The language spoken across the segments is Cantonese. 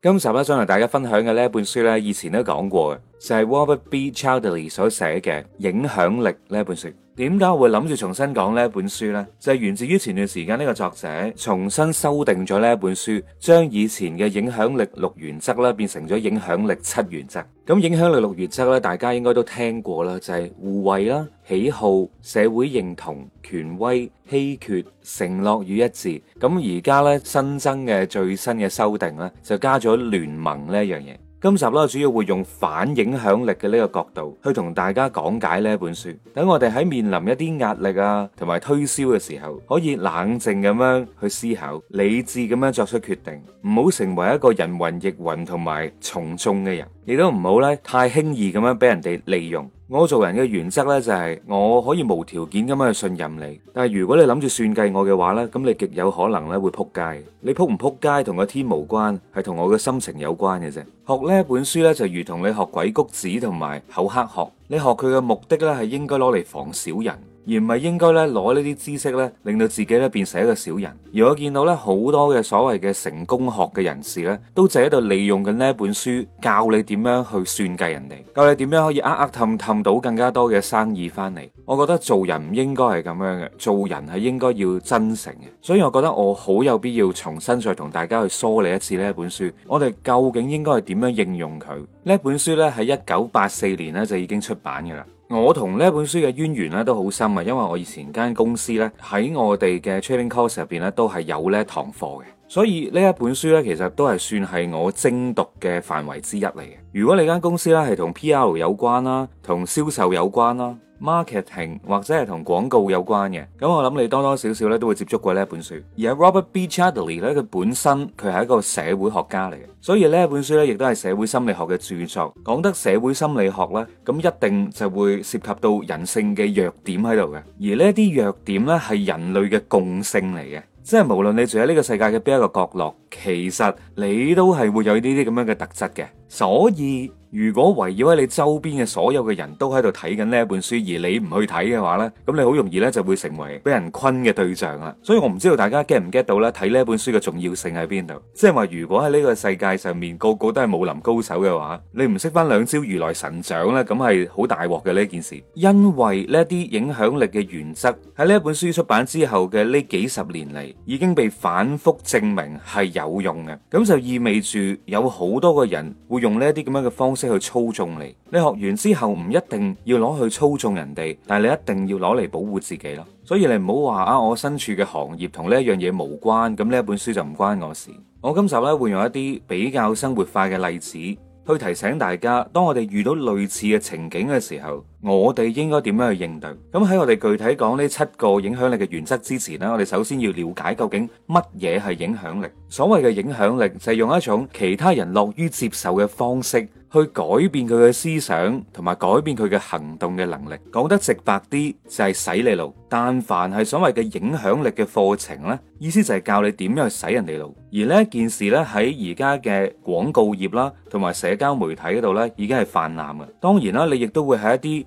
今集咧，想同大家分享嘅呢一本書咧，以前都講過就係 Robert B. Cialdini 所寫嘅《影響力》呢本書，點解我會諗住重新講呢本書呢？就係、是、源自於前段時間呢個作者重新修訂咗呢本書，將以前嘅影響力六原則啦，變成咗影響力七原則。咁影響力六原則咧，大家應該都聽過啦，就係互惠啦、喜好、社會認同、權威、稀缺、承諾與一致。咁而家咧，新增嘅最新嘅修訂咧，就加咗聯盟呢一樣嘢。今集咧主要會用反影響力嘅呢個角度去同大家講解呢本書。等我哋喺面臨一啲壓力啊，同埋推銷嘅時候，可以冷靜咁樣去思考，理智咁樣作出決定，唔好成為一個人云亦云同埋從眾嘅人。你都唔好咧太輕易咁樣俾人哋利用。我做人嘅原則咧就係我可以無條件咁樣去信任你，但係如果你諗住算計我嘅話咧，咁你極有可能咧會撲街。你撲唔撲街同個天無關，係同我嘅心情有關嘅啫。學呢一本書咧就如同你學鬼谷子同埋厚黑學，你學佢嘅目的咧係應該攞嚟防小人。而唔係應該咧攞呢啲知識咧，令到自己咧變成一個小人。而我見到咧好多嘅所謂嘅成功學嘅人士咧，都就喺度利用緊呢一本書，教你點樣去算計人哋，教你點樣可以呃呃氹氹到更加多嘅生意翻嚟。我覺得做人唔應該係咁樣嘅，做人係應該要真誠嘅。所以我覺得我好有必要重新再同大家去梳理一次呢一本書。我哋究竟應該係點樣應用佢？呢一本書咧喺一九八四年咧就已經出版嘅啦。我同呢本書嘅淵源咧都好深啊，因為我以前間公司咧喺我哋嘅 training course 入邊咧都係有呢堂課嘅，所以呢一本書咧其實都係算係我精讀嘅範圍之一嚟嘅。如果你間公司咧係同 PR 有關啦，同銷售有關啦。Marketing 或者係同廣告有關嘅，咁我諗你多多少少咧都會接觸過呢本書。而阿 Robert B. Cialdini 咧，佢本身佢係一個社會學家嚟嘅，所以呢本書呢，亦都係社會心理學嘅著作，講得社會心理學呢，咁一定就會涉及到人性嘅弱點喺度嘅。而呢啲弱點呢，係人類嘅共性嚟嘅，即係無論你住喺呢個世界嘅邊一個角落，其實你都係會有呢啲咁樣嘅特質嘅，所以。如果圍繞喺你周邊嘅所有嘅人都喺度睇緊呢一本書，而你唔去睇嘅話呢咁你好容易呢就會成為俾人困嘅對象啊！所以我唔知道大家 get 唔 get 到咧睇呢本書嘅重要性喺邊度？即係話如果喺呢個世界上面個個都係武林高手嘅話，你唔識翻兩招如來神掌呢，咁係好大鑊嘅呢件事。因為呢啲影響力嘅原則喺呢本書出版之後嘅呢幾十年嚟，已經被反覆證明係有用嘅。咁就意味住有好多個人會用呢啲咁樣嘅方式。識去操縱你，你學完之後唔一定要攞去操縱人哋，但係你一定要攞嚟保護自己咯。所以你唔好話啊，我身處嘅行業同呢一樣嘢無關，咁呢一本書就唔關我事。我今集呢會用一啲比較生活化嘅例子，去提醒大家，當我哋遇到類似嘅情景嘅時候。我哋應該點樣去應對？咁喺我哋具體講呢七個影響力嘅原則之前咧，我哋首先要了解究竟乜嘢係影響力。所謂嘅影響力就係用一種其他人樂於接受嘅方式去改變佢嘅思想同埋改變佢嘅行動嘅能力。講得直白啲就係洗你腦。但凡係所謂嘅影響力嘅課程咧，意思就係教你點樣去洗人哋腦。而呢一件事咧，喺而家嘅廣告業啦，同埋社交媒體嗰度咧，已經係泛濫嘅。當然啦，你亦都會喺一啲。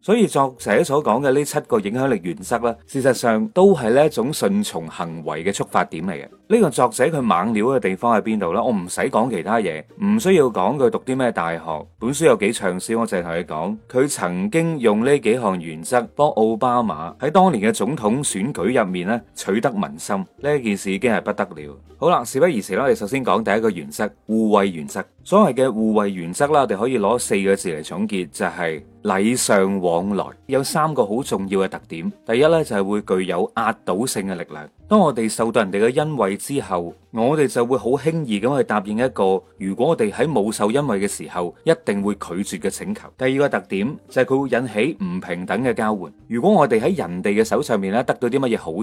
所以作者所講嘅呢七個影響力原則呢，事實上都係呢一種順從行為嘅觸發點嚟嘅。呢個作者佢猛料嘅地方喺邊度呢？我唔使講其他嘢，唔需要講佢讀啲咩大學，本書有幾暢銷，我淨係同你講，佢曾經用呢幾項原則幫奧巴馬喺當年嘅總統選舉入面咧取得民心，呢件事已經係不得了。好啦，事不宜遲啦，我哋首先講第一個原則——護衛原則。所謂嘅互惠原則啦，我哋可以攞四個字嚟總結，就係、是、禮尚往來。有三個好重要嘅特點，第一呢，就係、是、會具有壓倒性嘅力量。當我哋受到人哋嘅恩惠之後，我哋就會好輕易咁去答應一個，如果我哋喺冇受恩惠嘅時候，一定會拒絕嘅請求。第二個特點就係佢會引起唔平等嘅交換。如果我哋喺人哋嘅手上面咧得到啲乜嘢好處，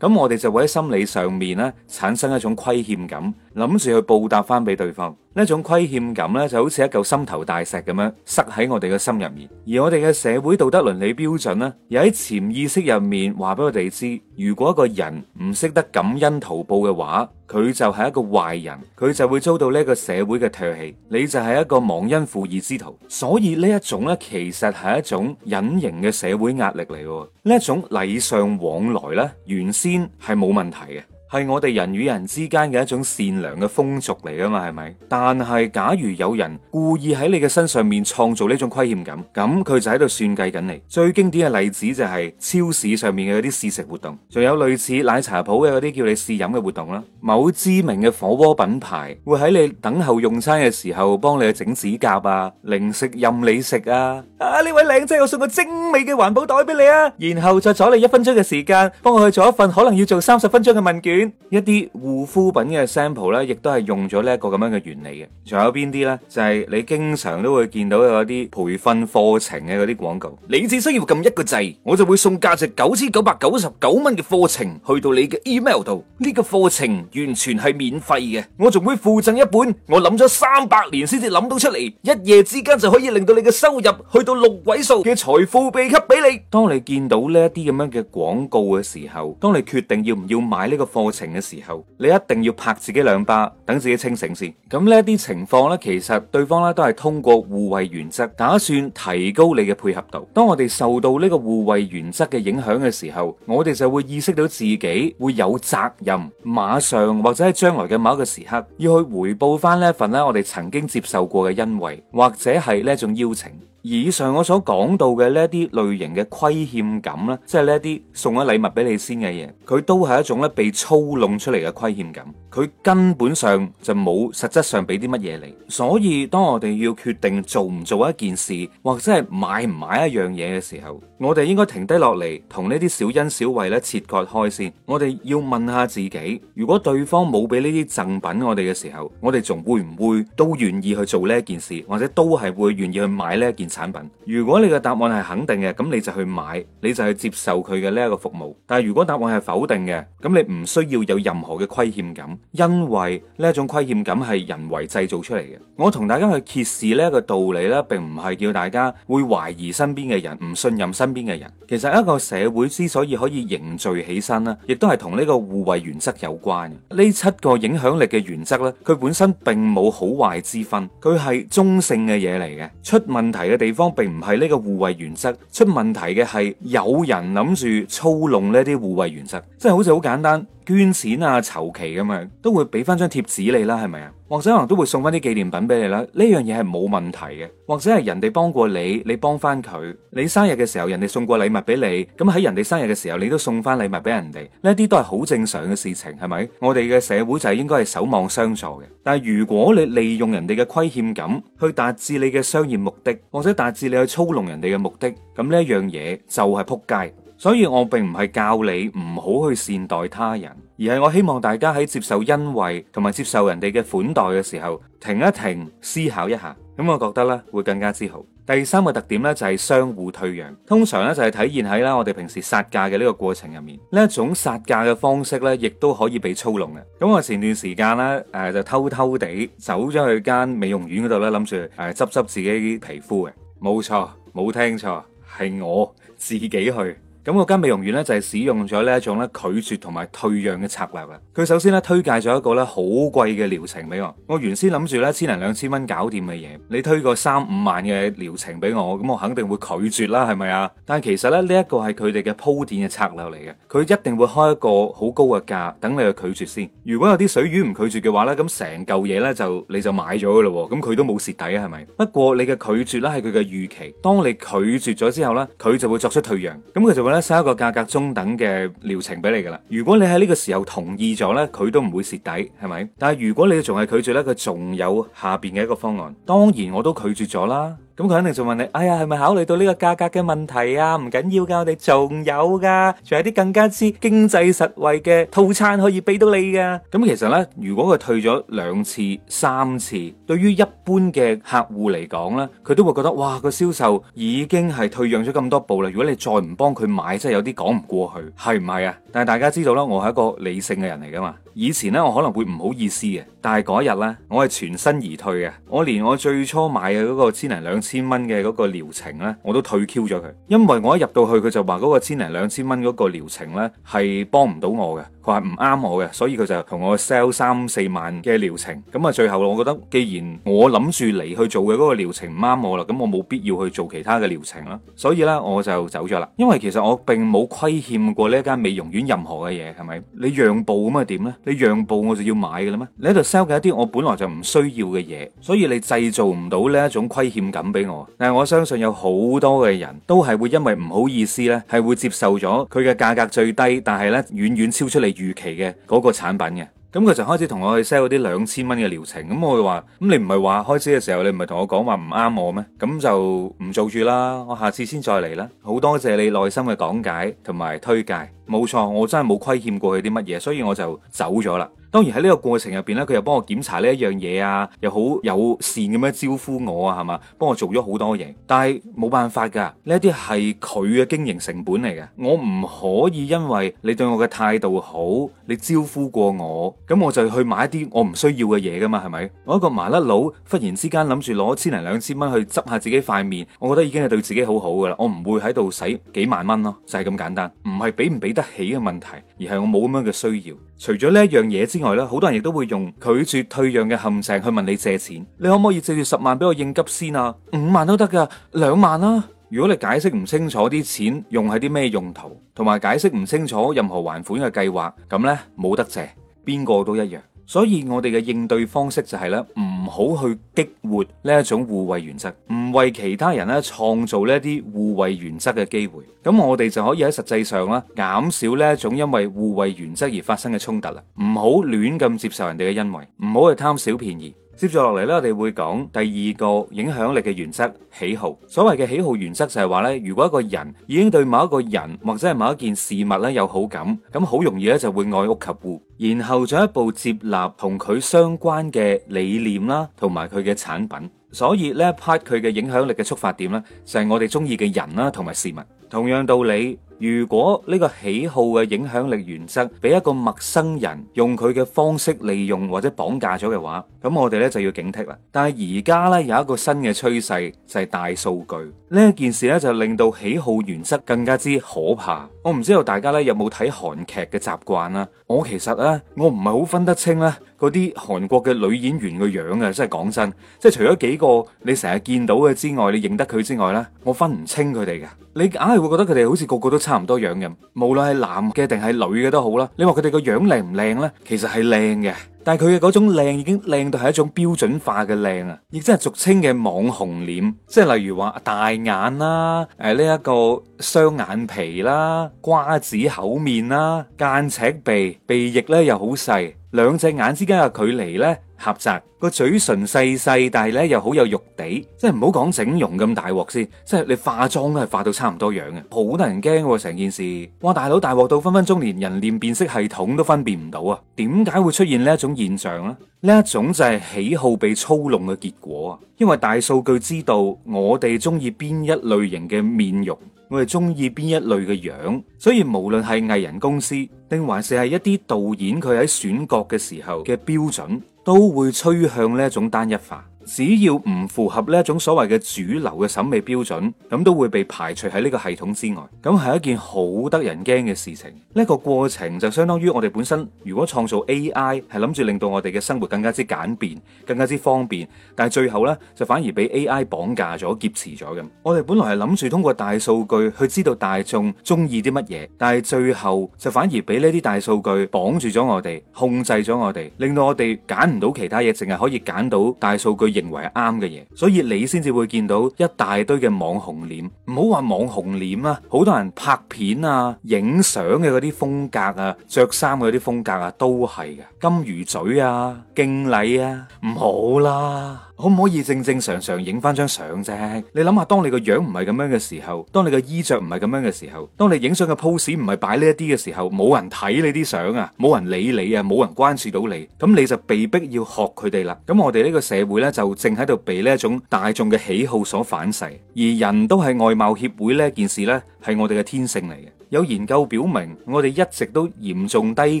咁我哋就會喺心理上面咧產生一種虧欠感，諗住去報答翻俾對方。呢一種虧欠感咧就好似一嚿心頭大石咁樣塞喺我哋嘅心入面。而我哋嘅社會道德倫理標準呢，又喺潛意識入面話俾我哋知，如果一個人唔唔識得感恩圖報嘅話，佢就係一個壞人，佢就會遭到呢一個社會嘅唾棄。你就係一個忘恩負義之徒，所以呢一種呢，其實係一種隱形嘅社會壓力嚟。呢一種禮尚往來呢，原先係冇問題嘅。係我哋人與人之間嘅一種善良嘅風俗嚟㗎嘛，係咪？但係假如有人故意喺你嘅身上面創造呢種虧欠感，咁佢就喺度算計緊你。最經典嘅例子就係、是、超市上面嘅嗰啲試食活動，仲有類似奶茶鋪嘅嗰啲叫你試飲嘅活動啦。某知名嘅火鍋品牌會喺你等候用餐嘅時候幫你去整指甲啊，零食任你食啊。啊，呢位靚仔，我送個精美嘅環保袋俾你啊，然後再阻你一分鐘嘅時間，幫我去做一份可能要做三十分鐘嘅問卷。一啲護膚品嘅 sample 咧，亦都係用咗呢一個咁樣嘅原理嘅。仲有邊啲呢？就係你經常都會見到有啲培訓課程嘅嗰啲廣告。你只需要撳一個掣，我就會送價值九千九百九十九蚊嘅課程去到你嘅 email 度。呢個課程完全係免費嘅，我仲會附贈一本我諗咗三百年先至諗到出嚟，一夜之間就可以令到你嘅收入去到六位數嘅財富秘笈俾你。當你見到呢一啲咁樣嘅廣告嘅時候，當你決定要唔要買呢個課程，情嘅時候，你一定要拍自己兩巴，等自己清醒先。咁呢啲情況呢，其實對方呢都係通過互惠原則，打算提高你嘅配合度。當我哋受到呢個互惠原則嘅影響嘅時候，我哋就會意識到自己會有責任，馬上或者係將來嘅某一個時刻，要去回報翻呢份呢我哋曾經接受過嘅恩惠，或者係呢一種邀請。以上我所講到嘅呢啲類型嘅虧欠感呢，即係呢啲送咗禮物俾你先嘅嘢，佢都係一種咧被操弄出嚟嘅虧欠感，佢根本上就冇實質上俾啲乜嘢你。所以當我哋要決定做唔做一件事，或者係買唔買一樣嘢嘅時候，我哋應該停低落嚟同呢啲小恩小惠咧切割開先。我哋要問下自己：如果對方冇俾呢啲贈品我哋嘅時候，我哋仲會唔會都願意去做呢一件事，或者都係會願意去買呢一件產品，如果你嘅答案係肯定嘅，咁你就去買，你就去接受佢嘅呢一個服務。但係如果答案係否定嘅，咁你唔需要有任何嘅虧欠感，因為呢一種虧欠感係人為製造出嚟嘅。我同大家去揭示呢一個道理咧，並唔係叫大家會懷疑身邊嘅人，唔信任身邊嘅人。其實一個社會之所以可以凝聚起身啦，亦都係同呢個互惠原則有關。呢七個影響力嘅原則咧，佢本身並冇好壞之分，佢係中性嘅嘢嚟嘅。出問題嘅地方並唔係呢個護衞原則，出問題嘅係有人諗住操弄呢啲護衞原則，真係好似好簡單。捐錢啊、籌旗咁樣，都會俾翻張貼紙你啦，係咪啊？或者可能都會送翻啲紀念品俾你啦。呢樣嘢係冇問題嘅，或者係人哋幫過你，你幫翻佢。你生日嘅時候，人哋送過禮物俾你，咁喺人哋生日嘅時候，你都送翻禮物俾人哋。呢啲都係好正常嘅事情，係咪？我哋嘅社會就係應該係守望相助嘅。但係如果你利用人哋嘅虧欠感去達至你嘅商業目的，或者達至你去操弄人哋嘅目的，咁呢一樣嘢就係仆街。所以我並唔係教你唔好去善待他人，而係我希望大家喺接受恩惠同埋接受人哋嘅款待嘅時候，停一停思考一下。咁、嗯、我覺得呢會更加之好。第三個特點呢，就係、是、相互退讓，通常呢，就係、是、體現喺呢我哋平時殺價嘅呢個過程入面。呢一種殺價嘅方式呢，亦都可以被操弄嘅。咁、嗯、我前段時間呢，誒、呃、就偷偷地走咗去間美容院嗰度呢諗住，誒執執自己啲皮膚嘅。冇錯，冇聽錯，係我自己去。咁我間美容院咧就係使用咗呢一種咧拒絕同埋退讓嘅策略啊！佢首先咧推介咗一個咧好貴嘅療程俾我，我原先諗住咧千零兩千蚊搞掂嘅嘢，你推個三五萬嘅療程俾我，咁我肯定會拒絕啦，係咪啊？但係其實咧呢一個係佢哋嘅鋪墊嘅策略嚟嘅，佢一定會開一個好高嘅價等你去拒絕先。如果有啲水魚唔拒絕嘅話咧，咁成嚿嘢咧就你就買咗啦喎，咁佢都冇蝕底啊，係咪？不過你嘅拒絕咧係佢嘅預期，當你拒絕咗之後咧，佢就會作出退讓，咁佢就會。咧，收一個價格中等嘅療程俾你噶啦。如果你喺呢個時候同意咗呢，佢都唔會蝕底，係咪？但係如果你仲係拒絕呢，佢仲有下邊嘅一個方案。當然我都拒絕咗啦。咁佢肯定仲問你，哎呀，係咪考慮到呢個價格嘅問題啊？唔緊要噶，我哋仲有噶，仲有啲更加之經濟實惠嘅套餐可以俾到你噶。咁其實咧，如果佢退咗兩次、三次，對於一般嘅客戶嚟講咧，佢都會覺得哇，個銷售已經係退讓咗咁多步啦。如果你再唔幫佢買，真係有啲講唔過去，係唔係啊？但係大家知道啦，我係一個理性嘅人嚟噶嘛。以前咧，我可能會唔好意思嘅，但係嗰日咧，我係全身而退嘅。我連我最初買嘅嗰個千零兩。千蚊嘅嗰個療程咧，我都退 Q 咗佢。因為我一入到去佢就話嗰個千零兩千蚊嗰個療程咧係幫唔到我嘅，佢話唔啱我嘅，所以佢就同我 sell 三四萬嘅療程，咁啊最後我覺得既然我諗住嚟去做嘅嗰個療程唔啱我啦，咁我冇必要去做其他嘅療程啦，所以咧我就走咗啦，因為其實我並冇虧欠過呢一間美容院任何嘅嘢，係咪？你讓步咁啊點咧？你讓步我就要買嘅啦咩？你喺度 sell 嘅一啲我本來就唔需要嘅嘢，所以你製造唔到呢一種虧欠感俾但我相信有好多嘅人都係會因為唔好意思咧，係會接受咗佢嘅價格最低，但係咧遠遠超出你預期嘅嗰個產品嘅。咁佢就開始同我去 sell 啲兩千蚊嘅療程。咁我會話，咁你唔係話開始嘅時候你唔係同我講話唔啱我咩？咁就唔做住啦，我下次先再嚟啦。好多謝你耐心嘅講解同埋推介。冇錯，我真係冇虧欠過佢啲乜嘢，所以我就走咗啦。當然，喺呢個過程入邊呢，佢又幫我檢查呢一樣嘢啊，又好友善咁樣招呼我啊，係嘛，幫我做咗好多嘢。但係冇辦法噶，呢一啲係佢嘅經營成本嚟嘅，我唔可以因為你對我嘅態度好，你招呼過我，咁我就去買一啲我唔需要嘅嘢噶嘛，係咪？我一個麻甩佬忽然之間諗住攞千零兩,兩千蚊去執下自己塊面，我覺得已經係對自己好好噶啦，我唔會喺度使幾萬蚊咯，就係、是、咁簡單，唔係俾唔俾得起嘅問題，而係我冇咁樣嘅需要。除咗呢樣嘢之外呢，好多人亦都會用拒絕退讓嘅陷阱去問你借錢，你可唔可以借住十萬俾我應急先啊？五萬都得噶，兩萬啦、啊。如果你解釋唔清楚啲錢用喺啲咩用途，同埋解釋唔清楚任何還款嘅計劃，咁呢冇得借，邊個都一樣。所以我哋嘅應對方式就係咧，唔好去激活呢一種互惠原則，唔為其他人咧創造呢啲互惠原則嘅機會。咁我哋就可以喺實際上啦，減少呢一種因為互惠原則而發生嘅衝突啦。唔好亂咁接受人哋嘅恩惠，唔好去貪小便宜。接住落嚟咧，我哋會講第二個影響力嘅原則——喜好。所謂嘅喜好原則就係話咧，如果一個人已經對某一個人或者係某一件事物咧有好感，咁好容易咧就會愛屋及烏，然後進一步接納同佢相關嘅理念啦，同埋佢嘅產品。所以呢一 part 佢嘅影響力嘅觸發點咧，就係我哋中意嘅人啦，同埋事物。同樣道理。如果呢個喜好嘅影響力原則俾一個陌生人用佢嘅方式利用或者綁架咗嘅話，咁我哋呢就要警惕啦。但係而家呢，有一個新嘅趨勢就係、是、大數據呢一件事呢，就令到喜好原則更加之可怕。我唔知道大家呢有冇睇韓劇嘅習慣啦。我其實呢，我唔係好分得清呢嗰啲韓國嘅女演員個樣啊，真係講真，即係除咗幾個你成日見到嘅之外，你認得佢之外呢，我分唔清佢哋嘅。你硬係會覺得佢哋好似個個都差唔多樣咁，無論係男嘅定係女嘅都好啦。你話佢哋個樣靚唔靚呢？其實係靚嘅。但係佢嘅嗰種靚已經靚到係一種標準化嘅靚啊，亦即係俗稱嘅網紅臉，即係例如話大眼啦、啊，誒呢一個雙眼皮啦、啊，瓜子口面啦、啊，間尺鼻，鼻翼咧又好細，兩隻眼之間嘅距離咧狹窄，個嘴唇細細，但係咧又好有肉地，即係唔好講整容咁大鑊先，即係你化妝都係化到差唔多樣啊，好得人驚喎成件事，哇大佬大鑊到分分鐘連人臉辨識系統都分辨唔到啊，點解會出現呢一種？現象啊，呢一種就係喜好被操弄嘅結果啊，因為大數據知道我哋中意邊一類型嘅面容，我哋中意邊一類嘅樣，所以無論係藝人公司，定還是係一啲導演，佢喺選角嘅時候嘅標準，都會趨向呢一種單一化。只要唔符合呢一種所謂嘅主流嘅審美標準，咁都會被排除喺呢個系統之外。咁係一件好得人驚嘅事情。呢個過程就相當於我哋本身如果創造 AI 係諗住令到我哋嘅生活更加之簡便、更加之方便，但係最後咧就反而俾 AI 綁架咗、劫持咗，咁我哋本來係諗住通過大數據去知道大眾中意啲乜嘢，但係最後就反而俾呢啲大數據綁住咗我哋，控制咗我哋，令到我哋揀唔到其他嘢，淨係可以揀到大數據，認為啱嘅嘢，所以你先至會見到一大堆嘅網紅臉，唔好話網紅臉啦、啊，好多人拍片啊、影相嘅嗰啲風格啊、着衫嘅嗰啲風格啊，都係嘅，金魚嘴啊、敬禮啊，唔好啦。可唔可以正正常常影翻張相啫？你諗下，當你個樣唔係咁樣嘅時候，當你個衣着唔係咁樣嘅時候，當你影相嘅 pose 唔係擺呢一啲嘅時候，冇人睇你啲相啊，冇人理你啊，冇人關注到你，咁你就被逼要學佢哋啦。咁我哋呢個社會呢，就正喺度被呢一種大眾嘅喜好所反噬，而人都係外貌協會呢件事呢，係我哋嘅天性嚟嘅。有研究表明，我哋一直都嚴重低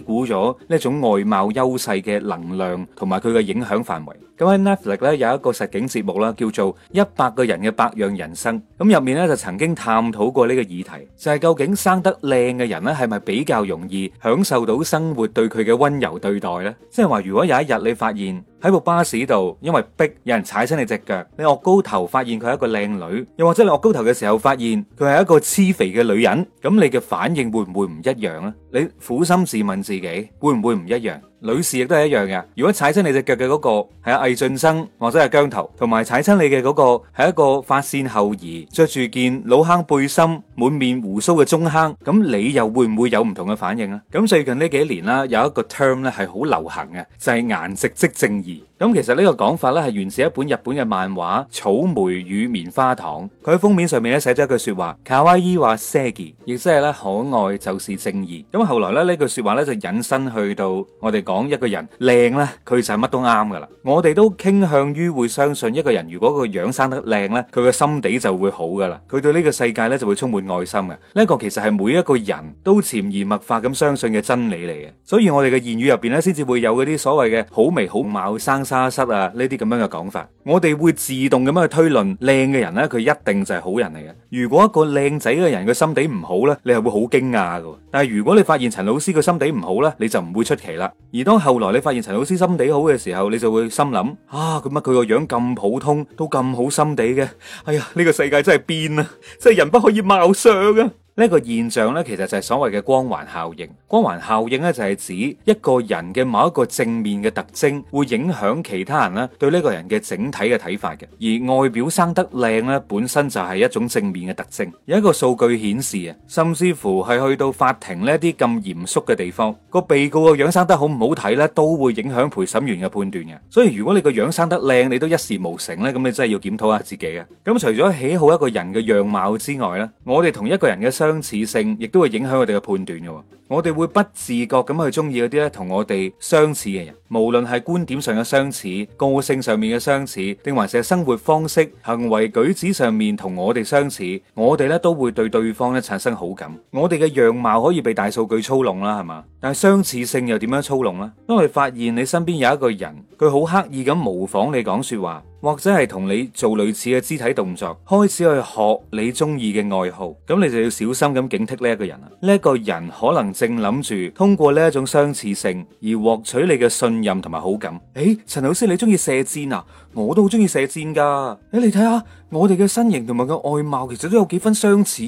估咗呢種外貌優勢嘅能量同埋佢嘅影響範圍。咁喺 Netflix 咧有一個實景節目啦，叫做《一百個人嘅百樣人生》。咁入面咧就曾經探討過呢個議題，就係究竟生得靚嘅人咧係咪比較容易享受到生活對佢嘅溫柔對待呢？即係話，如果有一日你發現，喺部巴士度，因為逼有人踩親你隻腳，你惡高頭發現佢係一個靚女，又或者你惡高頭嘅時候發現佢係一個黐肥嘅女人，咁你嘅反應會唔會唔一樣咧？你苦心自問自己，會唔會唔一樣？女士亦都係一樣嘅，如果踩親你隻腳嘅嗰個係阿魏俊生或者係姜頭，同埋踩親你嘅嗰個係一個發線後移，着住件老坑背心，滿面鬍鬚嘅中坑，咁你又會唔會有唔同嘅反應啊？咁最近呢幾年啦，有一個 term 咧係好流行嘅，就係顏值即正義。咁其實呢個講法呢，係源自一本日本嘅漫畫《草莓與棉花糖》，佢喺封面上面咧寫咗一句說話：卡哇伊話，澀 y 亦即係咧可愛就是正義。咁、嗯、後來咧呢句說話呢，就引申去到我哋講一個人靚呢，佢就係乜都啱噶啦。我哋都傾向於會相信一個人如果個樣生得靚呢，佢嘅心地就會好噶啦，佢對呢個世界呢，就會充滿愛心嘅。呢、這、一個其實係每一個人都潛移默化咁相信嘅真理嚟嘅，所以我哋嘅言語入邊呢，先至會有嗰啲所謂嘅好眉好貌生沙失啊，呢啲咁樣嘅講法，我哋會自動咁樣去推論，靚嘅人呢，佢一定就係好人嚟嘅。如果一個靚仔嘅人，佢心地唔好呢，你係會好驚訝㗎。但係如果你發現陳老師佢心地唔好呢，你就唔會出奇啦。而當後來你發現陳老師心地好嘅時候，你就會心諗啊，做乜佢個樣咁普通，都咁好心地嘅，哎呀，呢個世界真係變啊，真係人不可以貌相啊。呢個現象呢，其實就係所謂嘅光環效應。光環效應呢，就係指一個人嘅某一個正面嘅特徵，會影響其他人呢對呢個人嘅整體嘅睇法嘅。而外表生得靚呢，本身就係一種正面嘅特徵。有一個數據顯示啊，甚至乎係去到法庭呢啲咁嚴肅嘅地方，個被告個樣生得好唔好睇呢，都會影響陪審員嘅判斷嘅。所以如果你個樣生得靚，你都一事無成呢，咁你真係要檢討下自己嘅。咁除咗喜好一個人嘅樣貌之外呢，我哋同一個人嘅。相似性亦都會影響我哋嘅判斷嘅，我哋會不自覺咁去中意嗰啲咧同我哋相似嘅人，無論係觀點上嘅相似、個性上面嘅相似，定還是係生活方式、行為舉止上面同我哋相似，我哋咧都會對對方咧產生好感。我哋嘅樣貌可以被大數據操弄啦，係嘛？但係相似性又點樣操弄呢？當你發現你身邊有一個人，佢好刻意咁模仿你講說話，或者係同你做類似嘅肢體動作，開始去學你中意嘅愛好，咁你就要小心咁警惕呢一個人啊！呢一個人可能正諗住通過呢一種相似性而獲取你嘅信任同埋好感。誒，陳老師你中意射箭啊？我都好中意射箭噶。誒，你睇下我哋嘅身形同埋個外貌其實都有幾分相似，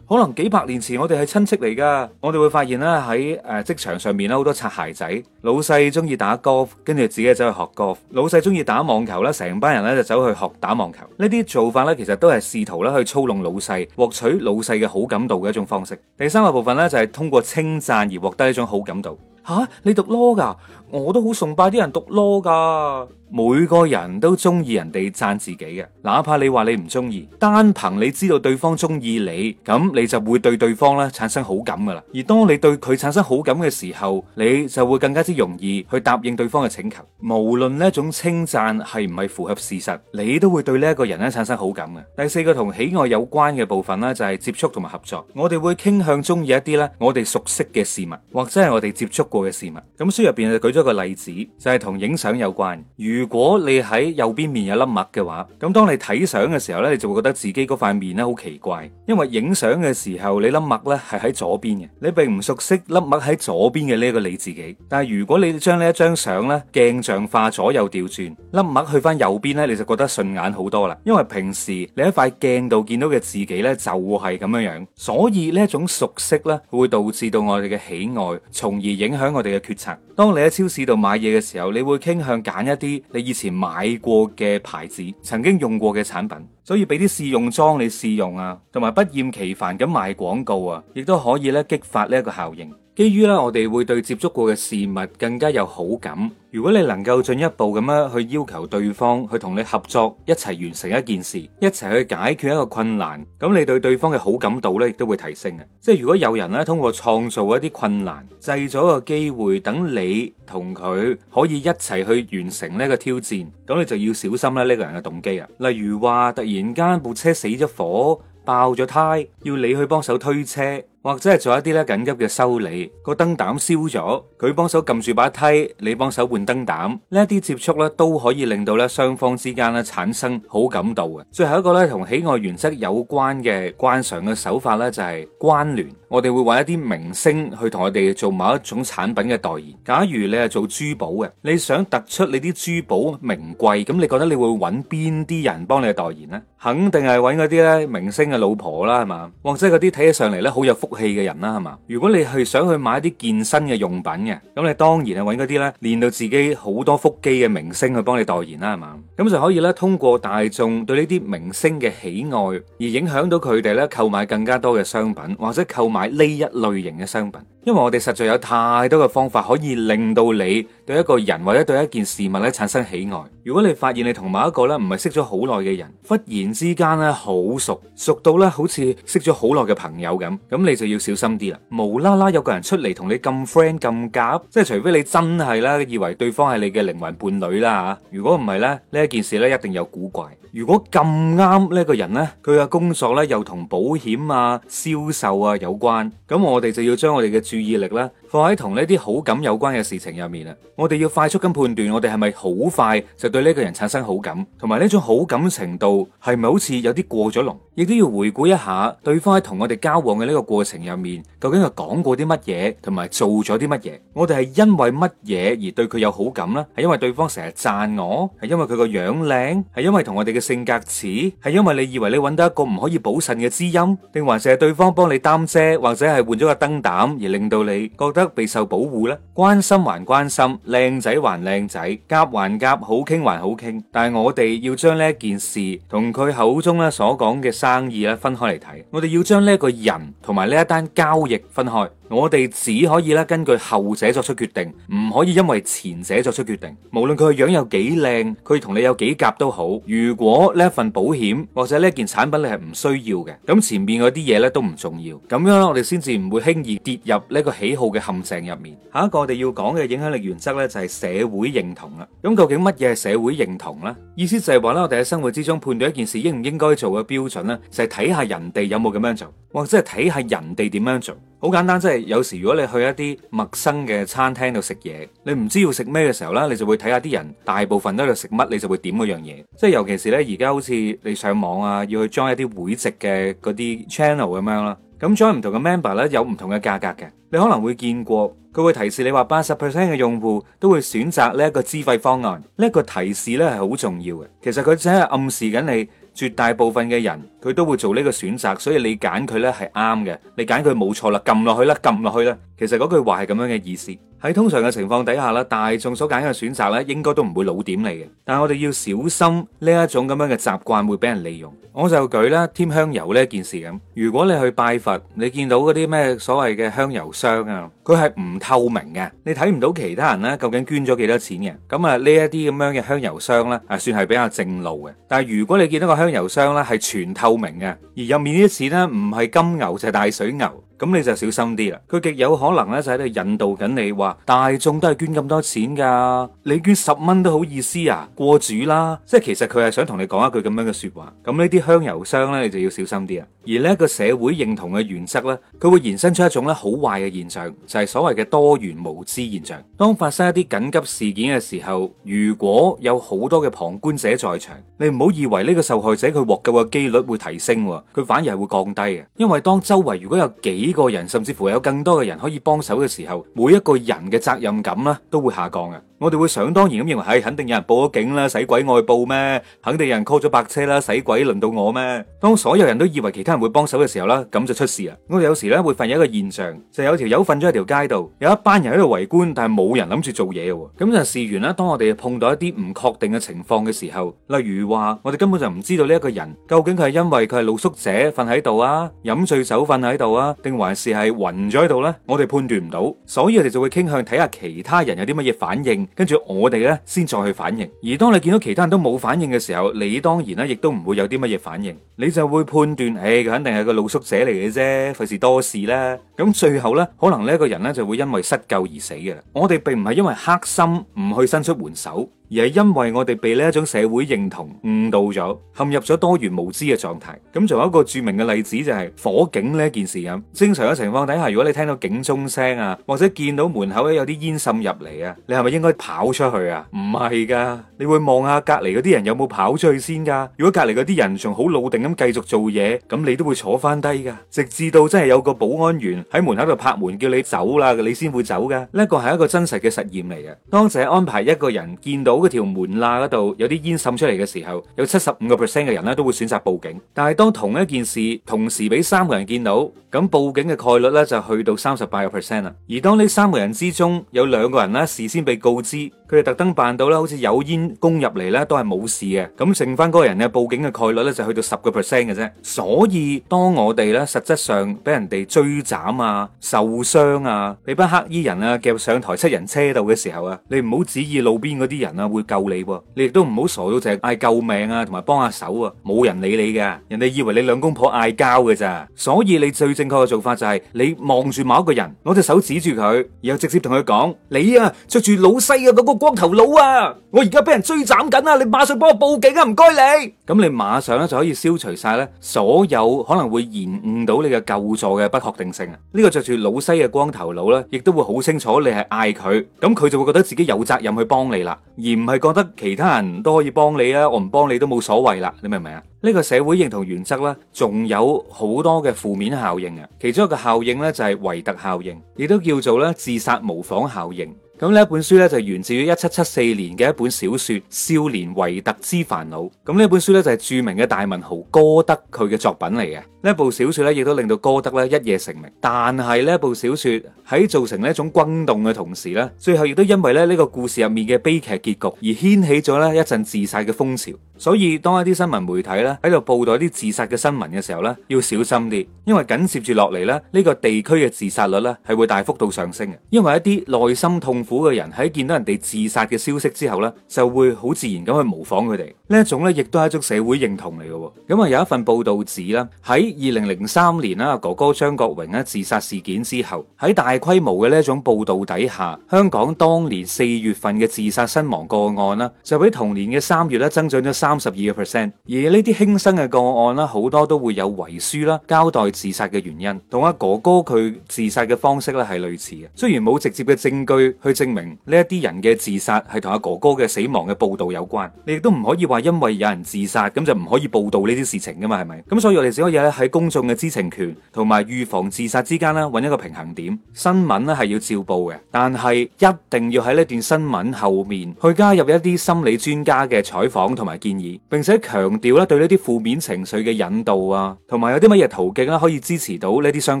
可能幾百年前我哋係親戚嚟噶。我哋會發現啦，喺誒職場上面啦，好多擦鞋仔，老細中意打 golf，跟住自己走去學 golf，老細中意打網球啦，成班。家人咧就走去學打網球，呢啲做法咧其實都係試圖咧去操弄老細，獲取老細嘅好感度嘅一種方式。第三個部分咧就係、是、通過稱讚而獲得一種好感度。吓、啊，你讀囉噶？我都好崇拜啲人讀囉噶，每個人都中意人哋讚自己嘅，哪怕你話你唔中意，單憑你知道對方中意你，咁你就會對對方咧產生好感噶啦。而當你對佢產生好感嘅時候，你就會更加之容易去答應對方嘅請求。無論呢一種稱讚係唔係符合事實，你都會對呢一個人咧產生好感嘅。第四個同喜愛有關嘅部分咧，就係接觸同埋合作。我哋會傾向中意一啲咧我哋熟悉嘅事物，或者係我哋接觸過嘅事物。咁書入邊一個例子就係同影相有關。如果你喺右邊面有粒墨嘅話，咁當你睇相嘅時候呢，你就會覺得自己嗰塊面咧好奇怪。因為影相嘅時候，你粒墨咧係喺左邊嘅，你並唔熟悉粒墨喺左邊嘅呢一個你自己。但係如果你將呢一張相咧鏡像化左右調轉，粒墨去翻右邊呢，你就覺得順眼好多啦。因為平時你喺塊鏡度見到嘅自己呢，就係咁樣樣，所以呢一種熟悉呢，會導致到我哋嘅喜愛，從而影響我哋嘅決策。當你喺超市度買嘢嘅時候，你會傾向揀一啲你以前買過嘅牌子，曾經用過嘅產品，所以俾啲試用裝你試用啊，同埋不厭其煩咁賣廣告啊，亦都可以咧激發呢一個效應。基於咧，我哋會對接觸過嘅事物更加有好感。如果你能夠進一步咁樣去要求對方去同你合作，一齊完成一件事，一齊去解決一個困難，咁你對對方嘅好感度咧亦都會提升嘅。即係如果有人咧通過創造一啲困難，製咗個機會，等你同佢可以一齊去完成呢個挑戰，咁你就要小心咧呢個人嘅動機啊。例如話突然間部車死咗火，爆咗胎，要你去幫手推車。或者係做一啲咧緊急嘅修理，個燈膽燒咗，佢幫手撳住把梯，你幫手換燈膽，呢一啲接觸咧都可以令到咧雙方之間咧產生好感度嘅。最後一個咧同喜愛原則有關嘅慣常嘅手法咧就係關聯，我哋會揾一啲明星去同我哋做某一種產品嘅代言。假如你係做珠寶嘅，你想突出你啲珠寶名貴，咁你覺得你會揾邊啲人幫你代言呢？肯定係揾嗰啲咧明星嘅老婆啦，係嘛？或者嗰啲睇起上嚟咧好有福，腹肌嘅人啦，係嘛？如果你係想去買一啲健身嘅用品嘅，咁你當然係搵嗰啲咧練到自己好多腹肌嘅明星去幫你代言啦，係嘛？咁就可以咧通過大眾對呢啲明星嘅喜愛，而影響到佢哋咧購買更加多嘅商品，或者購買呢一類型嘅商品。因為我哋實在有太多嘅方法可以令到你對一個人或者對一件事物咧產生喜愛。如果你發現你同某一個咧唔係識咗好耐嘅人，忽然之間咧好熟，熟到咧好似識咗好耐嘅朋友咁，咁你就要小心啲啦。無啦啦有個人出嚟同你咁 friend 咁夾，即係除非你真係啦，以為對方係你嘅靈魂伴侶啦吓。如果唔係咧，呢一件事咧一定有古怪。如果咁啱呢個人咧，佢嘅工作咧又同保險啊、銷售啊有關，咁我哋就要將我哋嘅注意力咧放喺同呢啲好感有關嘅事情入面啦，我哋要快速咁判斷我哋係咪好快就對呢個人產生好感，同埋呢種好感程度係咪好似有啲過咗龍？亦都要回顧一下對方喺同我哋交往嘅呢個過程入面，究竟佢講過啲乜嘢，同埋做咗啲乜嘢？我哋係因為乜嘢而對佢有好感呢？係因為對方成日讚我，係因為佢個樣靚，係因為同我哋嘅性格似，係因為你以為你揾到一個唔可以補腎嘅知音，定還是係對方幫你擔遮，或者係換咗個燈膽而令到你覺得？得備受保護咧，關心還關心，靚仔還靚仔，夾還夾，好傾還好傾。但係我哋要將呢一件事同佢口中咧所講嘅生意咧分開嚟睇，我哋要將呢一個人同埋呢一單交易分開。我哋只可以咧根據後者作出決定，唔可以因為前者作出決定。無論佢個樣有幾靚，佢同你有幾夾都好。如果呢一份保險或者呢一件產品你係唔需要嘅，咁前面嗰啲嘢咧都唔重要。咁樣我哋先至唔會輕易跌入呢個喜好嘅。陷阱入面，下一個我哋要講嘅影響力原則呢，就係社會認同啦。咁究竟乜嘢係社會認同呢？意思就係話咧，我哋喺生活之中判斷一件事應唔應該做嘅標準呢，就係睇下人哋有冇咁樣做，或者係睇下人哋點樣做。好簡單，即係有時如果你去一啲陌生嘅餐廳度食嘢，你唔知要食咩嘅時候呢，你就會睇下啲人大部分都喺度食乜，你就會點嗰樣嘢。即係尤其是呢，而家好似你上網啊，要去 join 一啲會籍嘅嗰啲 channel 咁樣啦。咁仲有唔同嘅 member 咧，有唔同嘅價格嘅，你可能會見過，佢會提示你話八十 percent 嘅用戶都會選擇呢一個資費方案，呢個提示咧係好重要嘅。其實佢淨係暗示緊你絕大部分嘅人佢都會做呢個選擇，所以你揀佢咧係啱嘅，你揀佢冇錯啦，撳落去啦，撳落去啦。其實嗰句話係咁樣嘅意思。喺通常嘅情況底下啦，大眾所揀嘅選擇咧，應該都唔會老點你嘅。但係我哋要小心呢一種咁樣嘅習慣會俾人利用。我就舉啦添香油呢一件事咁。如果你去拜佛，你見到嗰啲咩所謂嘅香油箱啊，佢係唔透明嘅，你睇唔到其他人咧究竟捐咗幾多錢嘅。咁啊呢一啲咁樣嘅香油箱咧，係、啊、算係比較正路嘅。但係如果你見到個香油箱咧係全透明嘅，而入面啲錢咧唔係金牛就係大水牛。咁你就小心啲啦，佢極有可能咧就喺度引導緊你話大眾都係捐咁多錢噶，你捐十蚊都好意思啊，過主啦，即係其實佢係想同你講一句咁樣嘅說話。咁呢啲香油商咧，你就要小心啲啊。而呢個社會認同嘅原則咧，佢會延伸出一種咧好壞嘅現象，就係所謂嘅多元無知現象。當發生一啲緊急事件嘅時候，如果有好多嘅旁觀者在場，你唔好以為呢個受害者佢獲救嘅幾率會提升，佢反而係會降低嘅，因為當周圍如果有幾呢個人，甚至乎有更多嘅人可以幫手嘅時候，每一個人嘅責任感咧都會下降嘅。我哋會想當然咁認為係肯定有人報咗警啦，使鬼我去報咩？肯定有人 call 咗白車啦，使鬼輪到我咩？當所有人都以為其他人會幫手嘅時候啦，咁就出事啦。我哋有時咧會發現一個現象，就係有條友瞓咗喺條街度，有一班人喺度圍觀，但係冇人諗住做嘢嘅。咁就事緣啦。當我哋碰到一啲唔確定嘅情況嘅時候，例如話我哋根本就唔知道呢一個人究竟佢係因為佢係露宿者瞓喺度啊，飲醉酒瞓喺度啊，定還是係暈咗喺度呢？我哋判斷唔到，所以我哋就會傾向睇下其他人有啲乜嘢反應。跟住我哋呢先再去反應。而當你見到其他人都冇反應嘅時候，你當然咧，亦都唔會有啲乜嘢反應。你就會判斷，誒、哎，佢肯定係個露宿者嚟嘅啫，費事多事啦。咁最後呢，可能呢一個人呢就會因為失救而死嘅啦。我哋並唔係因為黑心唔去伸出援手。而係因為我哋被呢一種社會認同誤導咗，陷入咗多元無知嘅狀態。咁仲有一個著名嘅例子就係、是、火警呢件事咁。正常嘅情況底下，如果你聽到警鐘聲啊，或者見到門口咧有啲煙滲入嚟啊，你係咪應該跑出去啊？唔係㗎，你會望下隔離嗰啲人有冇跑出去先㗎。如果隔離嗰啲人仲好老定咁繼續做嘢，咁你都會坐翻低㗎。直至到真係有個保安員喺門口度拍門叫你走啦，你先會走㗎。呢一個係一個真實嘅實驗嚟嘅，當時安排一個人見到，嗰條門罅嗰度有啲煙滲出嚟嘅時候，有七十五個 percent 嘅人咧都會選擇報警。但係當同一件事同時俾三個人見到，咁報警嘅概率咧就去到三十八個 percent 啦。而當呢三個人之中有兩個人呢事先被告知。佢哋特登扮到啦，好似有煙攻入嚟咧，都係冇事嘅。咁剩翻嗰個人嘅報警嘅概率咧，就去到十個 percent 嘅啫。所以當我哋咧實質上俾人哋追斬啊、受傷啊，俾班黑衣人啊夾上台七人車度嘅時候啊，你唔好指意路邊嗰啲人啊會救你喎，你亦都唔好傻到淨係嗌救命啊，同埋幫下手啊，冇人理你嘅。人哋以為你兩公婆嗌交嘅咋，所以你最正確嘅做法就係你望住某一個人，攞隻手指住佢，然後直接同佢講：你啊，着住老西嘅嗰個。光頭佬啊！我而家俾人追斬緊啊！你馬上幫我報警啊！唔該你。咁你馬上咧就可以消除晒咧所有可能會延誤到你嘅救助嘅不確定性啊！呢個着住老西嘅光頭佬呢，亦都會好清楚你係嗌佢，咁佢就會覺得自己有責任去幫你啦，而唔係覺得其他人都可以幫你啊。我唔幫你都冇所謂啦。你明唔明啊？呢個社會認同原則呢，仲有好多嘅負面效應啊！其中一個效應呢，就係維特效應，亦都叫做咧自殺模仿效應。咁呢一本書咧就源自於一七七四年嘅一本小説《少年維特之煩惱》，咁呢本書咧就係著名嘅大文豪歌德佢嘅作品嚟嘅。呢一部小説咧亦都令到歌德咧一夜成名，但係呢一部小説喺造成呢一種轟動嘅同時咧，最後亦都因為咧呢個故事入面嘅悲劇結局而掀起咗咧一陣自殺嘅風潮。所以當一啲新聞媒體咧喺度報道一啲自殺嘅新聞嘅時候咧，要小心啲，因為緊接住落嚟咧，呢個地區嘅自殺率咧係會大幅度上升嘅。因為一啲內心痛苦嘅人喺見到人哋自殺嘅消息之後咧，就會好自然咁去模仿佢哋。呢一種咧，亦都係一種社會認同嚟嘅。咁啊，有一份報道指啦，喺二零零三年啦，哥哥張國榮咧自殺事件之後，喺大規模嘅呢一種報道底下，香港當年四月份嘅自殺身亡個案啦，就比同年嘅三月咧增長咗三三十二嘅 percent，而呢啲輕生嘅個案啦，好多都會有遺書啦，交代自殺嘅原因，同阿哥哥佢自殺嘅方式咧係類似嘅。雖然冇直接嘅證據去證明呢一啲人嘅自殺係同阿哥哥嘅死亡嘅報道有關，你亦都唔可以話因為有人自殺咁就唔可以報道呢啲事情噶嘛，係咪？咁所以我哋只可以咧喺公眾嘅知情權同埋預防自殺之間咧揾一個平衡點。新聞咧係要照報嘅，但係一定要喺呢段新聞後面去加入一啲心理專家嘅採訪同埋建議。並且強調咧對呢啲負面情緒嘅引導啊，同埋有啲乜嘢途徑咧可以支持到呢啲相